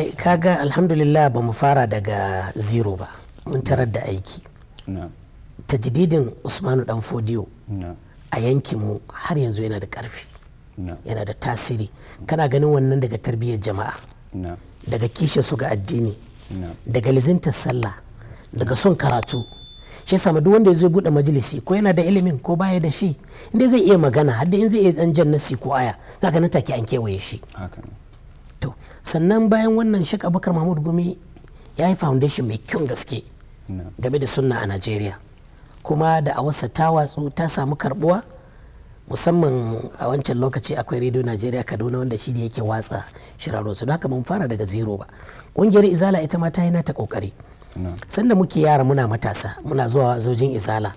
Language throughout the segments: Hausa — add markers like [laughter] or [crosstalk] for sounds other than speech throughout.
Eh, kaga alhamdulillah ba mu fara daga zero ba mun tarar da aiki ta tajdidin usmanu dan fodiyo a yankinmu har yanzu yana da karfi yana da tasiri kana ganin wannan daga tarbiyyar jama'a daga kishin su ga addini daga lizintar sallah daga son karatu shi sama duk wanda ya zo bude majalisi ko yana da ilimin ko baya da shi inda zai iya magana har da in zai iya dan jannasi ko aya zaka nan take an kewaye shi sannan bayan wannan shek abubakar mahmud gumi ya yi foundation mai kyau gaske game da sunna a nigeria kuma da a wasa ta watsu ta samu karbuwa musamman a wancan lokaci akwai radio nigeria kaduna wanda shi ne yake watsa shirarwa su haka mun fara daga zero ba ƙungiyar izala ita ma ta yi nata kokari sanda muke yara muna matasa muna zuwa zojin izala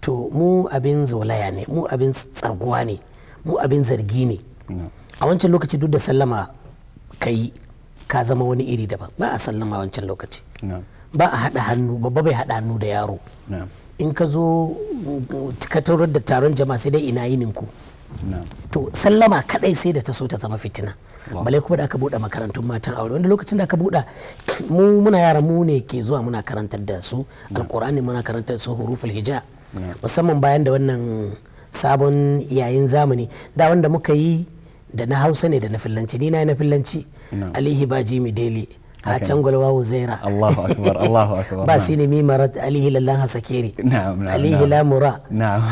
to mu abin zolaya ne mu abin tsarguwa ne mu abin zargi ne a wancan lokaci duk da sallama ka yi ka zama wani iri daban ba a sallama wancan lokaci ba a haɗa hannu babba bai haɗa hannu da yaro in ka zo ka da taron jama'a sai dai ina yinin ku to sallama kadai sai da ta so ta zama fitina balai kuma da aka buɗe makarantun matan aure wanda lokacin da aka buɗe mu muna yara mu ne ke zuwa muna karantar da su alkur'ani muna karantar da su huruful hija musamman bayan da wannan sabon yayin zamani da wanda muka yi da na hausa ne da na fillanci ni na na fillanci alihi ba jimi deli a can gwalwa uzaira Allahu akbar Allahu akbar ba sini mi marat alihi lallan hasakeri alihi lamura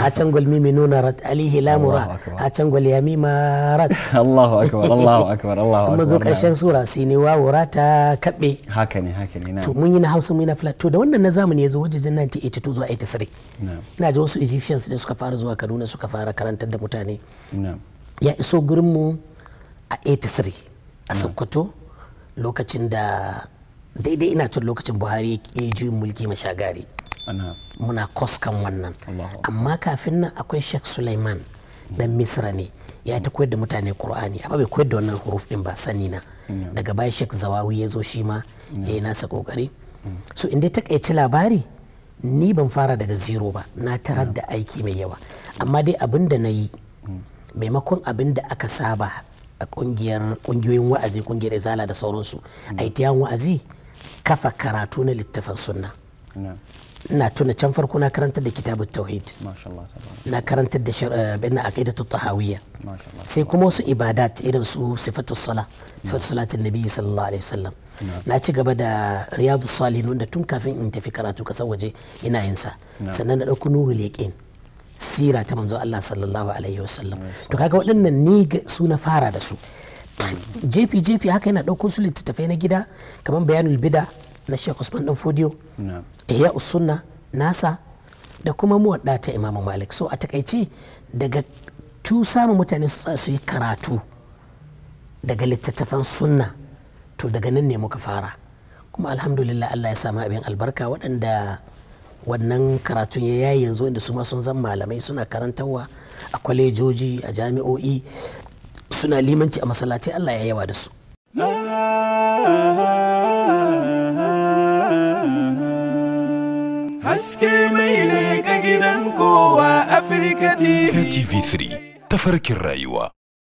a can gwal mi minuna rat alihi lamura a can gwal ya mi marat [laughs] Allahu akbar Allahu akbar Allahu akbar kuma zo karshen sura sini wa wurata kabe haka ne haka ne to mun yi na hausa mun yi na flat to da wannan na zamani yazo wajejen 1982 zuwa 83 ina ji wasu Egyptians ne suka fara zuwa Kaduna suka fara karantar da mutane na'am ya iso mu a 83 a sokoto lokacin da daidai ina tun lokacin buhari ya juyin mulki mashagari muna koskan wannan amma kafin nan akwai sheikh sulaiman dan misra ne ya ta koyar da mutane qur'ani amma bai koyar da wannan huruf din ba sani na hmm. daga baya sheikh zawawi ya zo shi ma hmm. ya yi nasa kokari hmm. so in dai takaici labari ni ban fara daga zero ba na tarar da aiki mai yawa amma dai abin da na yi maimakon abin da aka saba a kungiyar kungiyoyin wa'azi kungiyar izala da sauransu mm. a itiyan wa'azi kafa karatu na littafin sunna ina tuna can farko na karantar da kitabun tauhid na karantar da eh, bin aqidatu tahawiyya sai kuma wasu ibadat irin su sifatu sala sifatu salatin nabi sallallahu alaihi wasallam na ci gaba da riyadu salihun da tun kafin in tafi karatu kasar waje ina yin sa sannan na dauko nurul sira ta manzo Allah sallallahu alaihi wasallam to kaga waɗannan ni su na fara da su jefi jefi haka yana ɗauko su littattafai na gida kamar bayanul bida na Sheikh Usman dan Fodiyo ihya usunna nasa da kuma muwadda ta Imam Malik so a takaice daga tu samun mutane su yi karatu daga littattafan sunna to daga nan ne muka fara kuma alhamdulillah Allah ya samu abin albarka waɗanda wannan karatun ya yayi yanzu inda su ma sun zan malamai suna karantarwa a kwalejoji a jami'o'i suna limanci a masallaci Allah ya yawa da su haske mai ne ga gidan kowa afirka tv3 tafarkin rayuwa